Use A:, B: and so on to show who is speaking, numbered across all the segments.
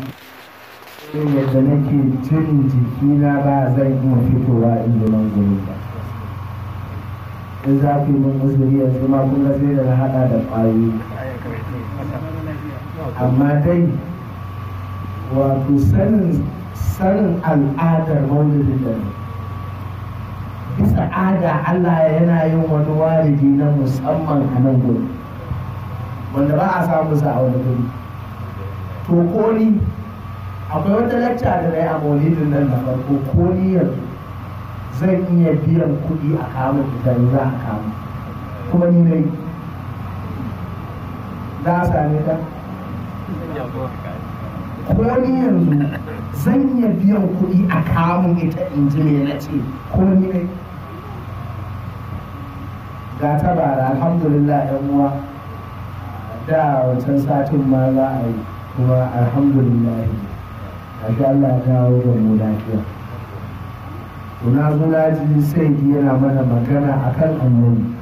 A: yadda nake cin jikina ba zan iya fitowa in nan guri ba in za ku yi min uzuri yanzu ma kun ga sai da na haɗa da ƙwayoyi amma dai wato sanin sanin al'adar maulidin da bisa ada Allah yana yin wani waridi na musamman a nan gudu wanda ba a samu sa a wani gudu to ko ni akwai wata lacca da na yi a maulidin nan na farko ko ni yanzu zan iya biyan kuɗi a kamun idan za a kamu kuma ni nai za a same ta ko ni yanzu zan iya biyan kuɗi a kamun ita in ji me na ce ko ni na ga ta bara alhamdulillah yan uwa da wancan satin ma za a yi kuma alhamdulillah a shi Allah ya kawo ga mu lafiya kuna muna ji sai yana mana magana akan annabi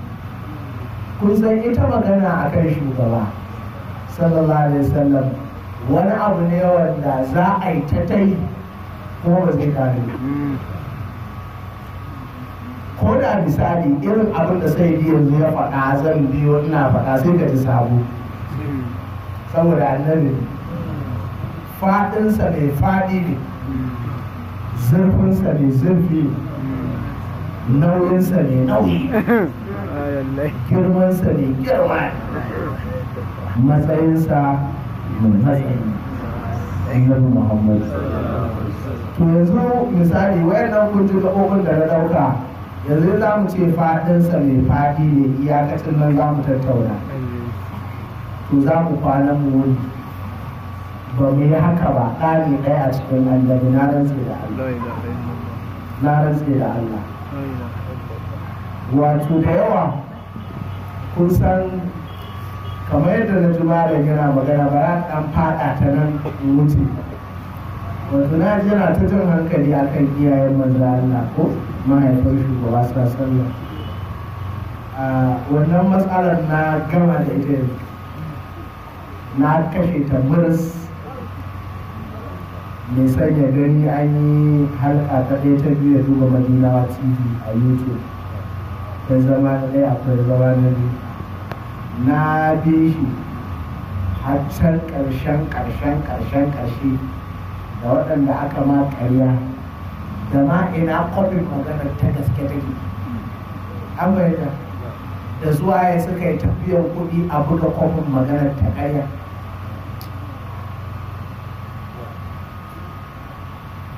A: kun san ita magana akan shugaba sallallahu alaihi wasallam wani abu ne wanda za a yi ta tai ko ba zai kare ko da misali irin abin da sai yanzu ya faɗa zan biyo ina faɗa sai ka ji sabo saboda annabi faɗinsa mai faɗi ne zurfinsa mai zurfi nauyinsa mai nauyi girmansa mai girma matsayinsa mai matsayi muhammadu. muhammad to yanzu misali wayannan kunji gaɓoɓin da na ɗauka yanzu za mu ce faɗinsa mai fadi ne iyakacin nan za mu tattauna to za mu kwana mu wuni ba haka ba ɗani kai a cikin annabi na rantse da Allah na rantse da Allah wato da yawa kun san kamar yadda na jima da yana magana ba ɗan faɗa ta nan wuce wato na jira ta jin hankali akan iyayen manzo Allah ko mahaifin shugaba sallallahu a wannan matsalar na gama da ita na kashe ta mai sanya gani an yi harka ta ɗaya ta biyu ya duba madinawa tv a youtube ta zama na ɗaya akwai zama na biyu na bi shi hatsar ƙarshen ƙarshen ƙarshen ƙarshe da waɗanda aka ma ƙarya da ma ina kwabin maganar ta gaske take an bayyana da zuwa ya suka yi tafiyar kuɗi a buga kwabin maganar ta ƙarya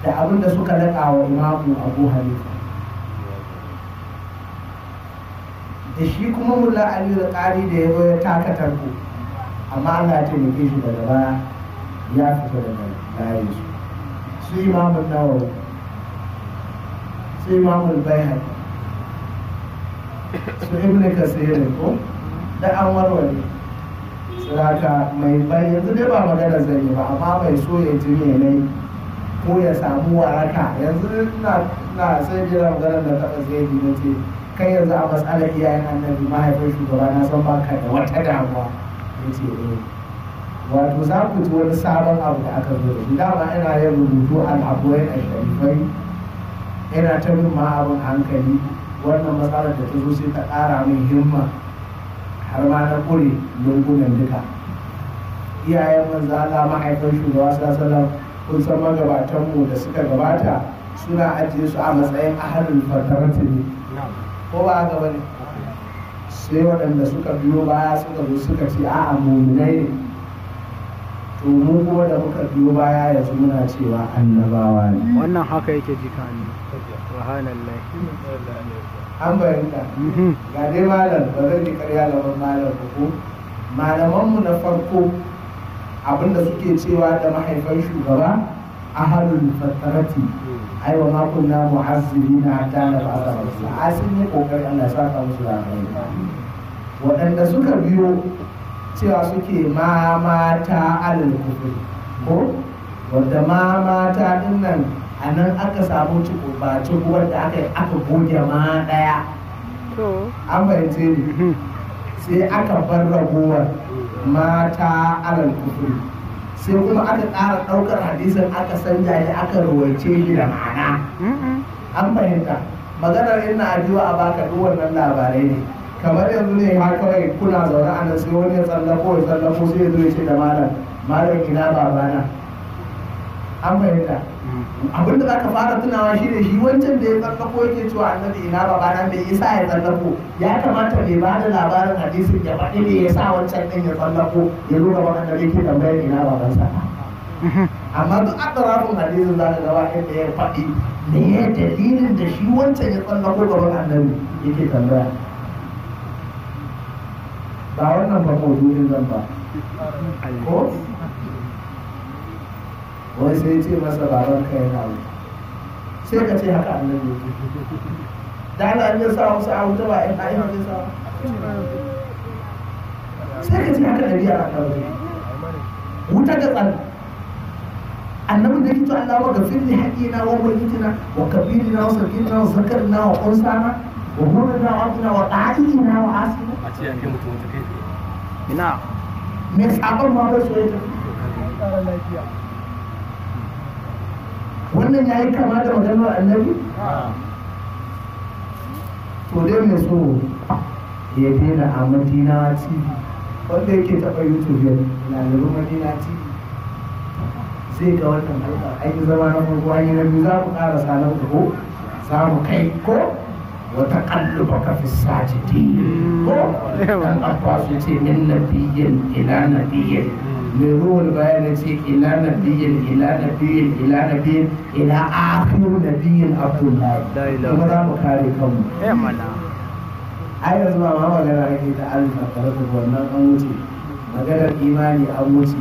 A: da abin da suka laƙa wa imamu abu hanifa da shi kuma mula ali da ƙari da ya ya taka tarko amma allah ce mu shi daga baya ya fito daga layin su su imamun nawawi su imamun bayan su ibn kasirin ko da an warware siraka mai bayan yanzu dai ba magana zai ba amma mai so ya ji ne ko ya samu waraka yanzu na sai jira da taɓa zai na ce kai yanzu a matsalar iyayen annabi mahaifin shugaba na san baka da wata damuwa ya ce eh wato za ku ji wani sabon abu da aka zo da shi dama ina yin rubutu al'abuwai a sharifai ina ta bin ma abin hankali wannan matsalar da ta zo sai ta ƙara min himma har ma na ƙure lungunan duka iyayen manzana mahaifin shugaba sallallahu kun san magabatanmu da suka gabata suna ajiye su a matsayin ahalin fatarati ne ko ba haka bane sai waɗanda suka biyo baya suka zo suka ce a'a muminai ne to mu kuma da muka biyo baya yanzu muna cewa annabawa ne wannan haka yake jika ne subhanallah an bayyana mhm. ga dai malam ba zai yi karya gaban malam ko malamanmu na farko abinda suke cewa da mahaifan shugaba a ahalul fattarati aiwa makon na muhassiri na ta na ba a sun yi kokari Allah ka musu da waɗanda suka biyo cewa suke ma mata alal kufri ko wadda ma mata nan a nan aka samu cikubaci wadda aka aka goge ma ɗaya an bayyance ne mm-hmm. sai aka bar ragowar mata alal kufuri sai kuma aka ƙara ɗaukar hadisin aka sanja ne aka rawaice shi da ma'ana an fahimta maganar ina addu'a a baka duk wannan labarai ne kamar yanzu ne har kawai kuna zaune a nan sai wani ya tsallako ya tsallako sai ya zo ya ce da malam malam ina babana an fahimta abinda za ka fara tunawa shi ne shi wancan da ya tsallako yake cewa annabi ina babana nan da ya tsallako ya kamata mai ba da labarin hadisin ya faɗi ne ya sa wancan ɗin ya tsallako ya zo gaban annabi yake tambayar ina babansa amma duk adarafin hadisin za ka gaba yadda ya faɗi me ya dalilin da shi wancan ya tsallako gaban annabi yake tambaya ba wannan ba maudu'in zan ba ko wani sai ce masa baban ka yana wuce sai ka ce haka annabi da ana an sa musu a wuta ba a yi hajji sa sai ka ce haka ɗari a kawai wuta ga tsari annabin da fito Allah wa gafir ne na wa mulkitina wa kabirina wa sakirina wa zakarina wa ƙunsana wa hurrina wa abina wa ɗa'ina wa asina a ce an yi mutum wata kai ina me sabon ma bai soyayya wannan ya yi kama da maganar annabi to dai mai so ya daina a madina tv wanda yake taɓa youtube ya lalaru madina tv zai ga wannan halka a yi zama na farko an yi na biyu za mu ƙara sanar da ko za mu kai ko wata kallu ka fi sajidi ko dan abbas ce min nabiyyin ila nabiyyin mai ruwan bayan ya ce ila nabiyin ila nabiyin ila nabiyin ila akhiru nabiyin abdullahi kuma za mu kare kanmu ai yanzu ba ma magana ake ta alfa tare wannan an wuce maganar imani an wuce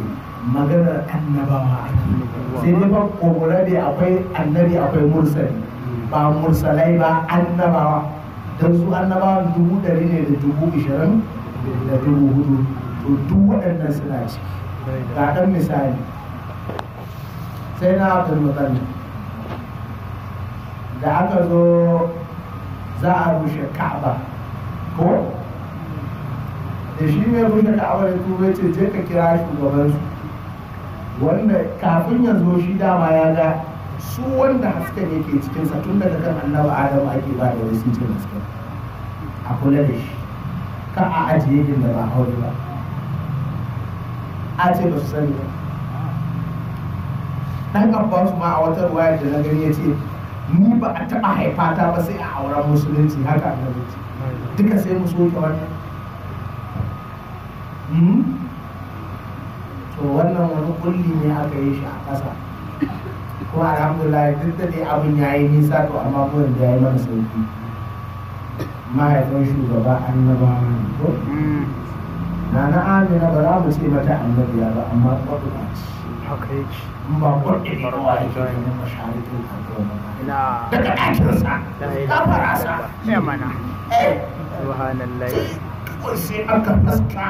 A: maganar annabawa sai dai ba kokura ne akwai annabi akwai mursali ba mursalai ba annabawa don su annabawa dubu ɗari ne da dubu ishirin da dubu hudu to duk waɗannan suna ciki ga misali sai na abdulmutallab da aka zo za a rushe ka'aba ko da shi ne rushe ka'aba da turai ce je ka kira shugabansu wanda kafin ya zo shi dama ya ga su wanda ne ke cikinsa tun daga kan annabi adamu ake ba da wasu cin hasken a kula da shi ka a ajiye da ba hauri ba a ce ba su sani ba dan abban su ma a wata ruwaya da na gani ya ce ni ba a taɓa haifata ba sai a auren musulunci haka a ce duka sai mu soke wannan hmm? to wannan wani kulli ne aka yi shi a ƙasa ko alhamdulillah duk da dai abin ya yi nisa to amma kurin da ya yi mana sauki mahaifin shugaba annabawa ko hmm. na na amina ba za mu ce mata annabiya ba amma kwaɗuɗa ce haka yake in ba kwaɗe ne ba a jiya ne masharikin kankan na daga ɗakinsa kafarasa ya mana eh. subhanallah kawai sai aka haska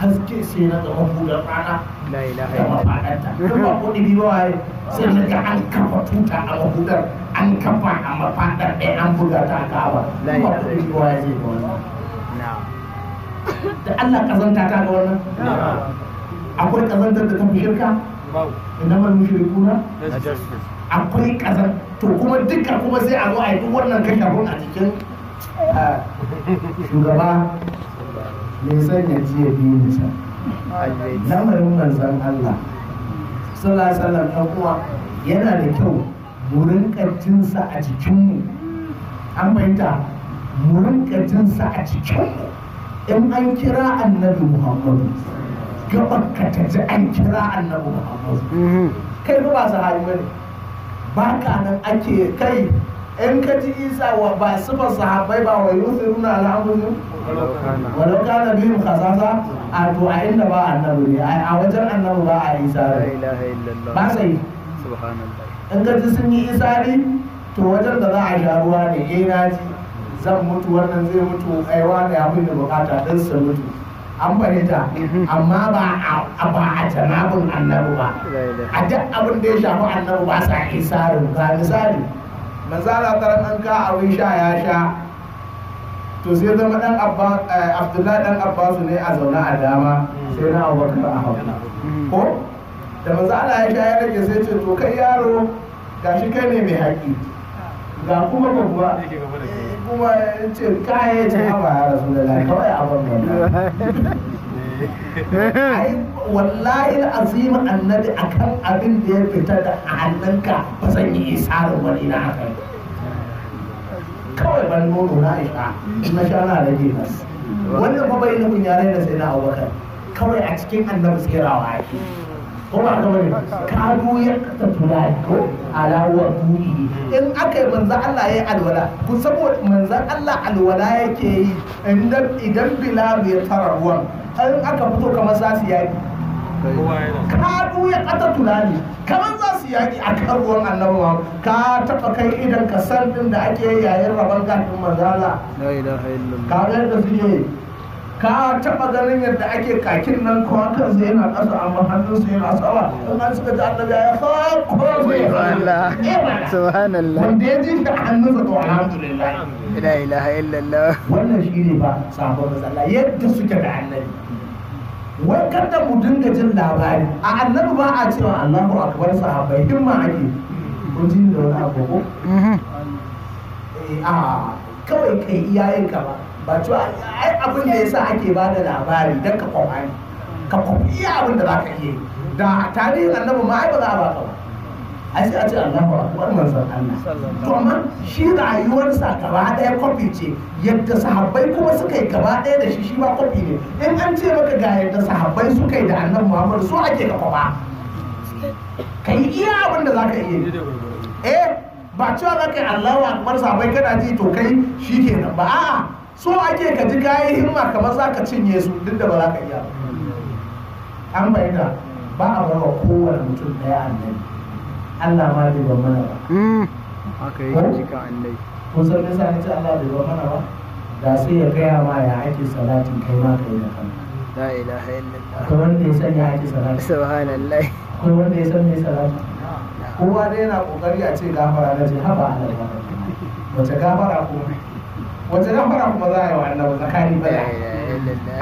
A: haske sai na zama hudar rana la ilaha illallah kuma kuɗi biyu waye sai na ga an kafa tuta a mahudar an kafa a mafadar ɗaya an buga ta a la ilaha illallah da Allah kazanta ta ga wannan akwai kazantar da ta fi shirka inda man kuna akwai kazan to kuma dukkan kuma sai a zo a yi duk wannan kashe a cikin shugaba mai sanya jiya biyu nisa lamarin manzan Allah sallallahu na kuma yana da kyau murin kartinsa a cikinmu an fahimta murin kartinsa a cikinmu in an kira annabi muhammadu gabar ka ta ji an kira annabi muhammadu mm-hmm. kai ba ba sahabi ba ne ba ka nan ake kai in ka ji isa wa ba su ba sahabbai ba wa yusu nuna al'amuru walau kana biyu kasasa a to a inda ba annabi ne a wajen annabi ba a isa ba sai in ka ji sun yi isa ne to wajen da za a sha ruwa ne eh na ji zan mutu wannan zai mutu aiwa da ya da bukata don su mutu an fahimta amma ba a ba a janabin annabi ba a duk abin da ya shafi annabi ba sa isarin ga misali manzala tara an ka abin sha ya sha to sai zama dan eh, abdullahi dan abbasu ne a zaune a dama sai na abubakar a hauna ko da manzala ya sha ya rage sai ce to kai yaro gashi kai ne mai haƙi ga kuma babba kuma ce kayan ce ya rasu da lai kawai abin wallahi annabi akan abin da ya fita da hannunka ba zan yi isarin wani na akan kawai ban nono na isha na sha na rage nas wannan bai yare da sai na abubakar kawai a cikin annabi tsirawa ake ko ba ka bane kanu ya kasa tulai ko alawa tuli in aka yi manzo Allah ya yi alwala ku saboda manzo Allah alwala yake yi idan idan bilal ya tara ruwan in aka fito kamar za su yaki kanu ya kasa tunani kamar za su yaki a kan ruwan annabi ma ka taɓa kai idan ka san din da ake yayin rabon gadin manzo Allah la ilaha illallah ka ga da suke ka taba ganin yadda ake kakin nan kowa kansa yana ƙasa amma hannunsa yana sama in an suka ji annabi ya fa ko zai Allah subhanallah wanda ya ji da hannunsa to alhamdulillah la ilaha illallah wannan ne ba sabon matsala yadda suke da annabi wai kada mu dinga jin labari a annabi ba a cewa Allahu akbar sahabbai himma ake kun ji da wani abu ko mhm. eh, a kawai kai iyayenka ba ba cewa ai abin da yasa ake ba da labari don ka kwamani ka kwafi iya abin da za ka iya da a tarihin annabi ma ai ba za a ba ka ba ai sai a ce annabi akwai manzon Allah to amma shi rayuwarsa gaba ɗaya kwafi ce yadda sahabbai kuma suka yi gaba ɗaya da shi shi ba kwafi ne in an ce maka ga yadda sahabbai suka yi da annabi Muhammad so ake ka kwafa ka yi iya abin da za ka iya eh ba cewa za ka yi Allah wa akbar sahabbai kana ji to kai shi kenan ba a'a so ake ka ji gaye himma kamar za ka cinye su duk da ba za ka iya an da ba a barwa kowane mutum ɗaya annabi Allah ma bai ban mana ba hmm. haka yake jika annabi kun san nisa ne ce Allah bai ban mana ba da sai ya gaya ma ya ake salatin kai ma kai da kanka la ilaha illallah akwai wanda ya san ya ake salatu. subhanallah akwai wanda ya san me salati kowa dai yana kokari a ce gafara da ce haba Allah wace gafara kuma wace nan fara kuma za a yi wa annabi zakari bala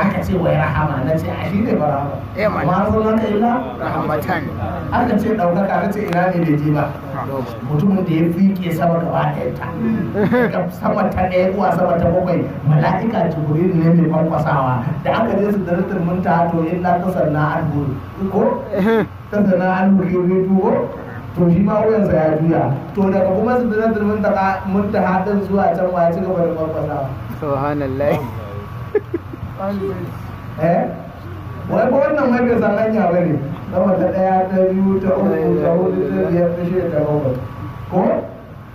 A: aka ce wai rahama na ce a shi ne ba rahama ma zo na ka ila rahamatan aka ce daukaka na ce ina ne da ji ba mutumin da ya ke sama gaba ɗaya ta sama ta ɗaya zuwa sama ta bakwai mala'ika jibril ne mai kwankwasawa da aka je su darajar mun ta to na ta na alburu. ko ta sanna an buri to shi ma sa ya juya to daga kuma su sidratul muntaha ta din zuwa can ma ya ci gaba da farfasawa subhanallah eh wai ko wannan mai bai san hanya bane sama ta daya ta biyu ta uku ta hudu ta biyar ta shida ta bakwai ko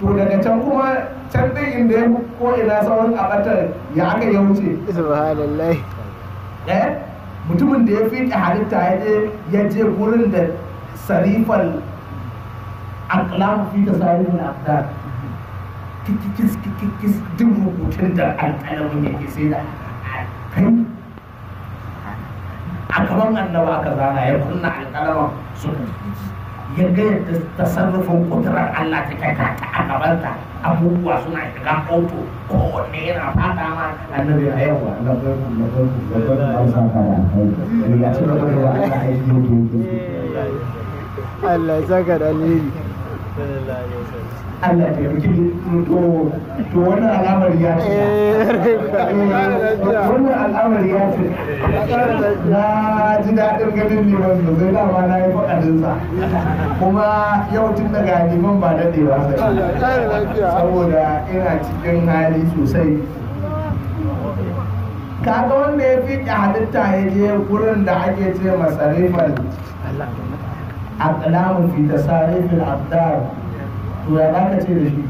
A: to daga can kuma can din inda ya ko ina sauran abatar ya aka ya wuce subhanallah eh mutumin da ya fi halitta ya je gurin da sarifal alƙalamu fi tasarifin afdar kikikis duk rubutun da alƙalamin yake sai da kai a annaba aka zana ya kunna alƙalamin su ya tasarrufin kudurar Allah ta kai ta a abubuwa suna shiga auto kowanne yana ma annabi ba Allah ya saka da alheri Allah na ji daɗin ganin liman da zai dama na yi faɗarinsa kuma yau tun daga liman ba daɗewa sai saboda ina cikin hali sosai kaga wanda ya fi halitta ya je wurin da ake ce masarifar aqlamu fi tasarif al-aqdar to ya baka ce da shi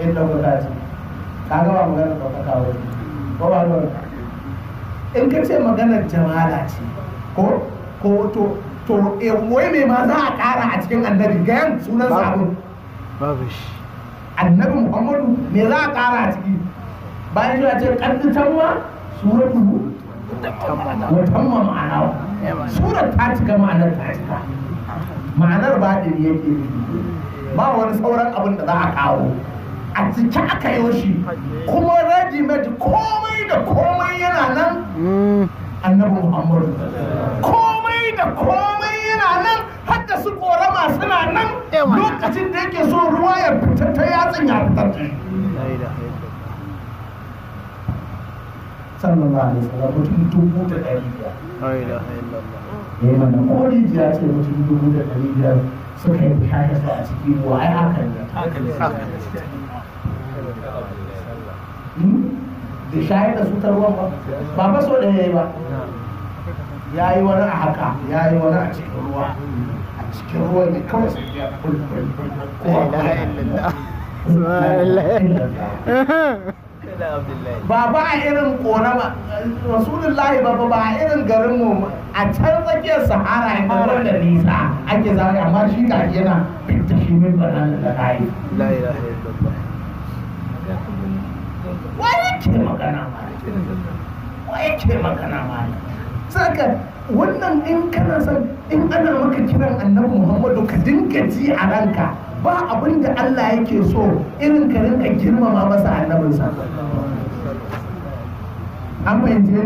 A: inda ku ta ce kaga ba magana da ka kawo ko ba ba in ka ce maganar jamala ce ko ko to to eh wai me ma za a kara a cikin annabi ga yan sunan sabon babu shi annabi muhammadu me za a kara a ciki bayan shi a ce kaddu tanwa suratu musamman ma'ana surar ta cika ma'anar ta cika ma'anar baɗin yake ba wani sauran abin da za a kawo a cike aka yi shi kuma ready made komai da komai yana nan hmm. annabi muhammadu komai da komai yana nan har da su korama suna nan lokacin da yake so ruwa ya fita ta yatsun ya fitar sallallahu alaihi wasallam mutum dubu da ɗari biyar ya mana ko rijiya ce mutum dubu da ɗari biyar suka yi da a ciki ruwa ai haka ne da shayar da su tarwa ba ba ba so da yi ba ya yi wani a haka ya yi wani a cikin ruwa a cikin ruwa ne kawai sai ya kulkul ko a ba ba a irin rasulun lahi ba ba a irin garin mu a can tsakiyar sahara inda ruwan da nisa ake zaɓi amma shi ka yana fitta shi mai banan da kai wani ke magana ma wani ke magana ma saka wannan in kana san in ana maka kiran annabi muhammadu ka dinga ji a ranka ba abin da Allah yake so irin ka rinka girmama masa annabinsa an fahimci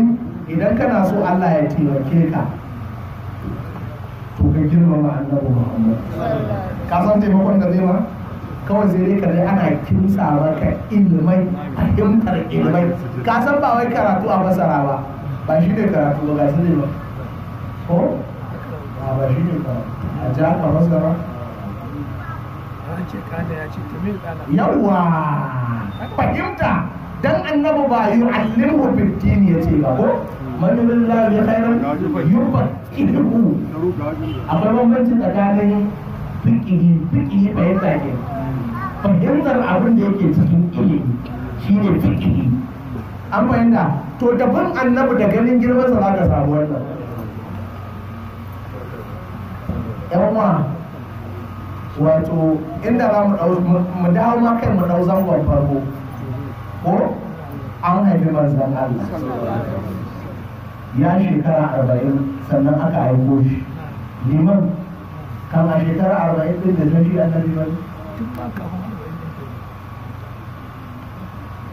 A: idan kana so Allah ya taimake ka to ka girmama annabi Muhammad ka san taimakon da zai ma kawai sai dai kare ana kimsa maka ilmai a himtar ilmai ka san ba wai karatu a masara ba ba shi ne karatu ba ga shi ne ba ko ba shi ne karatu a jihar masara Yawwa, ce kana ya ce tamil kana yawa fahimta dan annabi ba yu'allimu bil din yace ga ko man yuridillahu bi khairin yufaqihu akwai bambancin tsakanin fiqhi fiqhi fahimta ne fahimtar abin da yake cikin ilimi shine fiqhi an fahimta to daban annabi da ganin girman sa ka samu wannan yawa wato inda za mu ɗau mu dawo ma kai mu ɗau zangon farko ko an haifi manzan Allah ya shekara arba'in sannan aka haifo shi liman kan a shekara arba'in ɗin da tashi annabi ba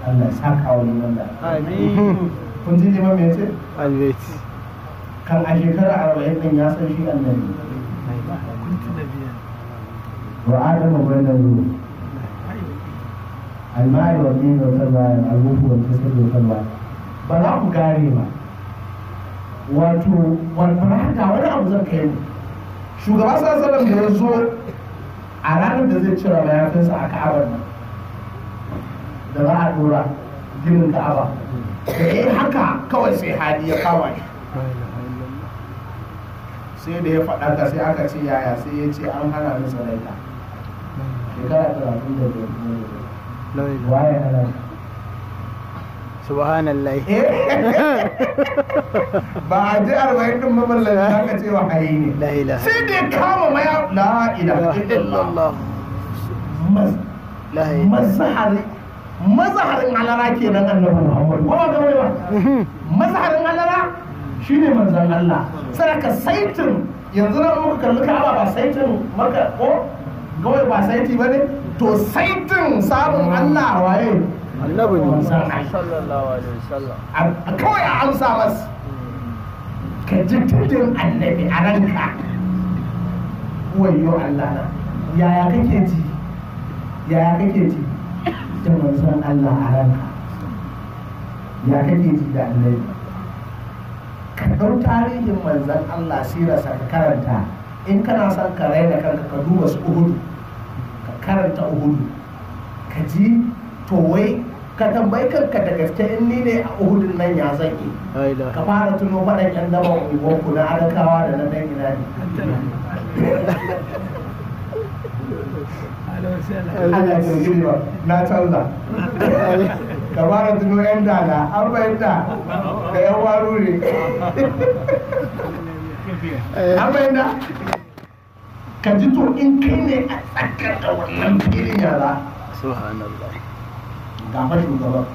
A: Allah ya saka wa liman da kun ji liman me yace kan a shekara arba'in ɗin ya san shi annabi وآدم بينه الماء والدين والتباين الموت والجسد والتباين ba za ku gane ba wato walfarhata wani abu zan kai shugaba sallallahu da ya zo a ranar da zai cira mayafinsa a ka'abar da za a ginin ka'aba da haka kawai sai ya sai da ya faɗa ka sai aka ce yaya sai ya ce an hana ni sadaika shekara talatin da subhanallah ba a ji arba'in din mamallan da aka ce wa hayi ne sai da kama maya la ilaha illallah mazahari mazaharin alara kenan annabi muhammad ko ga ga ba hmm. mazaharin alara shine manzon Allah sai ka saitin yanzu nan muka kalli ka ba saitin maka ko kawai ba saiti ba ne to saitin samun allah waye annabi ne sallallahu kawai a amsa masu ka ji tudun annabi a ranka wayo allah na yaya kake ji yaya kake ji da manzon allah a ranka ya kake ji da annabi ka ɗau tarihin manzon allah sirasa ka karanta in kana son ka raina kanka ka duba su uhudu ka karanta uhudu ka ji to wai ka tambayi kanka da gaske in ni ne a uhudun nan ya zan yi ka fara tuno faɗan yan dama ku na arakawa da na dan gida ne na canza ka fara tuno yan an yan ka ji to in kai ne a tsakar da wannan filin yara ga ma shugaban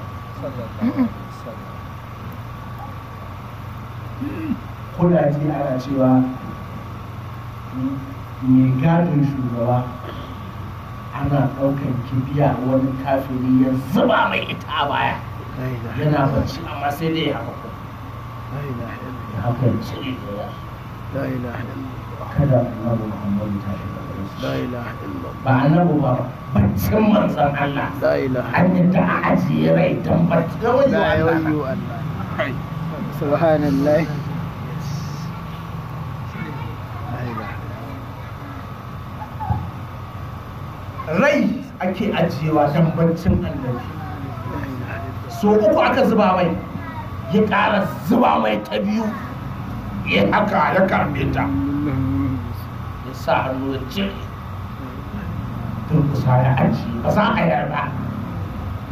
A: kuna ji ana cewa mai gadon shugaba ana ɗaukan kibiya wani kafiri ya zuba mai ita a baya yana bacci amma sai dai ya haka ya haka ya kada annabi ta shiga la ilaha illallah ba annabi ba Allah la ilaha an ajiye rai dan bacci da rai ake ajiyewa don barcin annabi so uku aka zuba mai ya ƙara zuba mai ta biyu ya aka ya karbe ta ya sa hannu ya ce turkusa ya aji ba za a yarda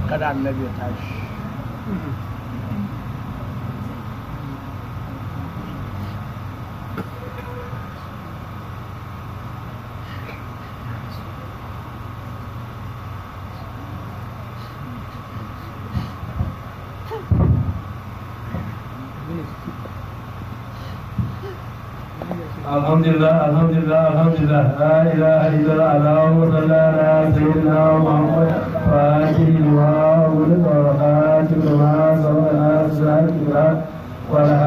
A: kada annabi ya tashi الحمد لله الحمد لله الحمد لله لا إله إلا الله وصلى صل على سيدنا محمد فاته الواو والبركات والمعاصي والأسرار والأسرار